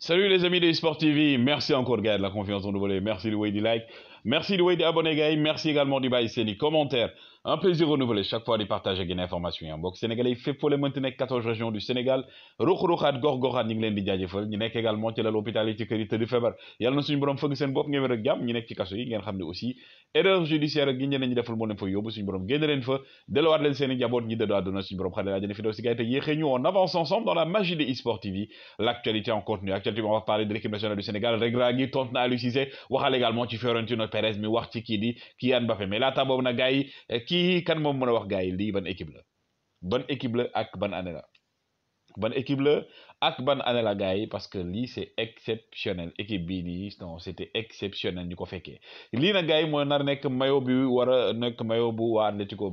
Salut les amis de Sport TV, merci encore Gaël de la confiance en nous voler, merci de du like, merci de des abonner, merci également du bail, c'est les commentaires. Un plaisir renouvelé chaque fois de partager des informations. En hein. boxe sénégalais, fait pour les maintenant 14 régions du Sénégal. Rokhrokhad, Gorgorad, ñu ngi leen di jaajëfal ñu nekk également ci la l'hôpital yi ci kër yi tëdd feebar yàlla na suñu borom fëgg seen bopp ngeen wér ak jàmm ñu nekk ci kaso yi ngeen xam aussi erreur judiciaire gi ñeneen ñi deful mo leen fa yobu suñu borom génne leen fa delluwaat leen seen i njaboot ñi do aduna suñu borom xale laa jëne fi do si gars yi te ñu on avance ensemble dans la magie de e-sport TV l'actualité en contenu actuellement on va parler de l'équipe nationale du Sénégal Regra gi tont na Aliou Cissé waxal également ci Florentino Pérez mi wax ci ki di Kylian Mbappé mais la ta bobu na yi ki kan mom mën a wax gars li ban équipe la ban équipe la ak ban année la ban équipe la Akban ban la gay, parce que li c' exceptionnel équipe bii c'était non c' exceptionnel ni ko fekkee Li na gay yi nar nek mayo bi wara nek mayo bu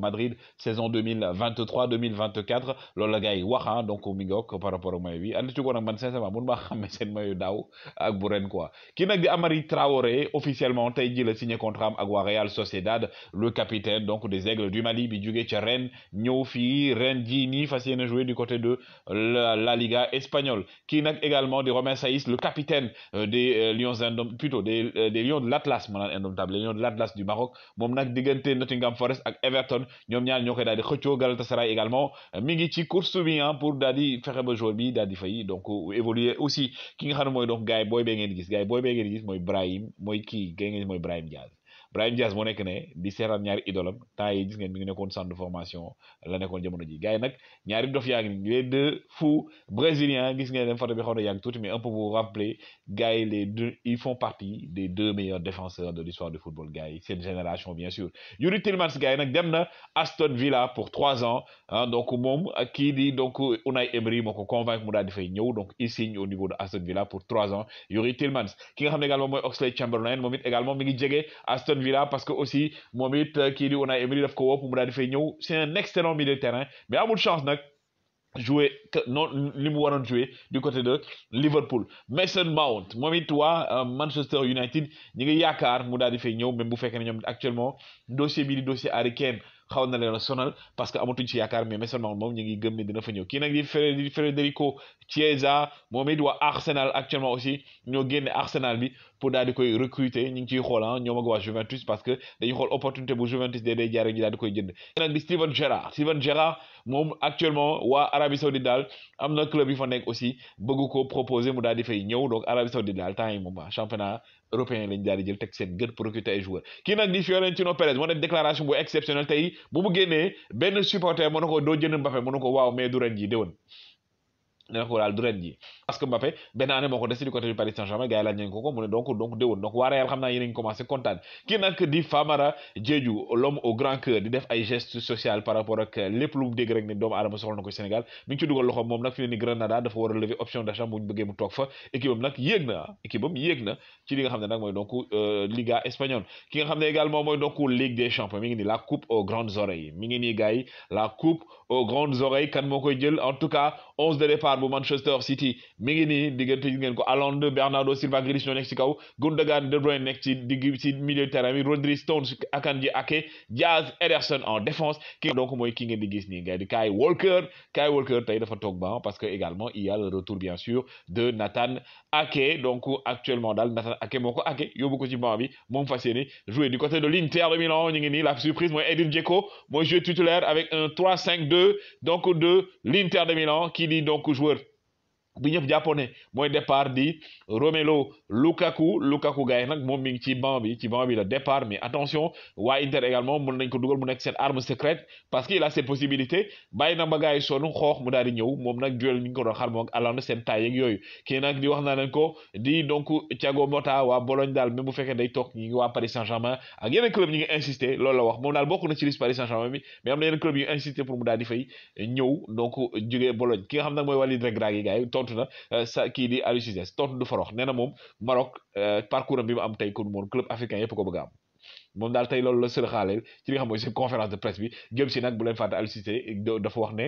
Madrid saison 2023-2024 vingt la gay wax ah, donc mi ngi par rapport au bi Atlético nag man sincèrement mun maa xàmme sen mayo daw, ak bu ren quoi kii di Amari Traoré officiellement tay jii la signé contrat ak Real Sociedad le capitaine donc des Aigles du Mali bi jugee Niofi Ren ñëw fii Rennes jouer du côté de la Liga espagnole. Espagnol, qui nak également de Romain Saïs, le capitaine euh, des euh, Lions plutôt des, euh, des Lions de l'Atlas indomptable les Lions de l'Atlas du Maroc moom nag Nottingham Forest et Everton ñoom ñaar ñoo koy daal Galatasaray également mi ngi ci course hein, pour daal di fexe ba joueur bi daal fay donc évoluer aussi ki nga xam ne mooy donc gars yi ngeen gis gars yi booy ngeen gis mooy Brahim mooy kii gay ngeen mooy Brahim Diaz Brahim Diaz moo nekk ne di seetaan ñaari idolam temps yi gis ngeen mi ngi nekkoon centre de formation la nekkoon jamono ji gaay nak ñaari dof yaag ni les deux fou, brésiliens gis ngeen dem photo bi xaw yaag tout, mais un peu vous rappeler gars les deux ils font partie des deux meilleurs défenseurs de l'histoire du football gaay C'est cette génération bien sûr Yuri Tillmans gaay nak dem na Aston Villa pour trois ans ah donc mom ki di donc Unai Emery moo ko convaincre mu dal di fay ñëw donc il signe au niveau de Aston Villa pour trois ans Yuri Tillmans ki nga xam également moy Oxley Chamberlain momit it également mi ngi jege Aston Aston parce que aussi moom it euh, kii di Unai Emery daf ko woo pour mu daal di fay ñëw c'est un excellent milieu de terrain mais amul chance nag joue non li mu waroon jouer du côté de Liverpool Mason Mount moom it waa euh, Manchester United ñi ngi yaakaar mu daal di fay ñëw même bu fekkee ne ñoom actuellement dossier bi di dossier Harry xaw na leen a sonal parce que amatuñ ci yaakaar mais Mason Mount moom ñu ngi gëm ne dina ñëw kii nag di Federico Chiesa moom it waa Arsenal actuellement aussi ñoo génne Arsenal bi pour daal di koy recruter ñu ngi ciy xool ah ñoom ak waa Juventus parce que dañuy xool opportunité bu Juventus dee dee jaare ñu daal di koy jënd kii nag di Steven moom actuellement waa Arabie Saoudite daal am na club yi fa nekk aussi bëgg ko proposer mu daal di fay ñëw donc Arabie daal temps yi moom européen lañ daal di jël teg seen gën procurer ay joueurs kii nag di moo def déclaration bu exceptionnelle tey bu mu génnee benn supporter mën na ko doo jënd Mbappé mën na ko waaw mais du ren ji déwén nee na ko daal du ren ji parce que Mbappé benn année yi laaj ko ko mu ne xam naa yéen a ngi kontaan kii nag di Famara Diédhiou l'homme au grand cœur di def ay gestes sociaux par rapport ak lépp lu mu dégg rek ne doomu aadama soxla na Sénégal mi ci dugal loxo moom nag fi ne ni Granada dafa war a option d'achat bu bëggee mu toog fa équipe am nag na équipe am na ci li nga xam ne nag mooy donc euh, Liga espagnole ki nga xam ne également mooy donc mi ngi nii Bernardo Silva Grealish ñoo ci kaw Gundogan De Bruyne nekk ci ci milieu terrain bi Rodri Stones Akanji Ake Diaz Ederson en défense donc moy ki ngeen di gis ni ngay di Walker Kai Walker tay dafa tok parce que également il y a le retour bien sûr de Nathan Ake donc actuellement dal Nathan Ake moko Ake yóbbu ko ci banc bi mom fas jouer du côté de l'Inter de Milan ñu la surprise moy Edin Dzeko moy joueur titulaire avec un 3-5-2 donc de l'Inter de Milan qui dit donc joueur bi ñëpp jàppoon ne mooy départ di Romelu Lukaku Lukaku gars yi nag moom mi ngi ci banc bi ci banc bi la départ mais attention waa Inter également mën nañ ko dugal mu nekk seen arme secrète parce que il a ses possibilités. bàyyi na ba gars yi sonn xoox mu daal di ñëw moom nag duel mi ngi ko doon xar moom ak Haaland seen taay ak yooyu kii nag di wax naa leen ko di donc Thiago Motta waa Bologne daal même bu fekkee day toog ñi ngi waa Paris Saint-Germain ak yeneen club ñi ngi insister loolu la wax moom daal bokk na ci liste Paris Saint-Germain bi mais am na yeneen club yu insister pour mu daal di fay ñëw donc jógee Bologne ki nga xam nag mooy walid rek raag tontu na euh, kii di Aliou Cissé du farox nee moom Maroc euh, parcours bi mu am tey kon moom club africain yëpp ko bëgg a am moom daal tey loolu la sër ci nga xam mooy conférence de presse bi jëm si nag bu leen fàtte Aliou Cissé dafa wax ne.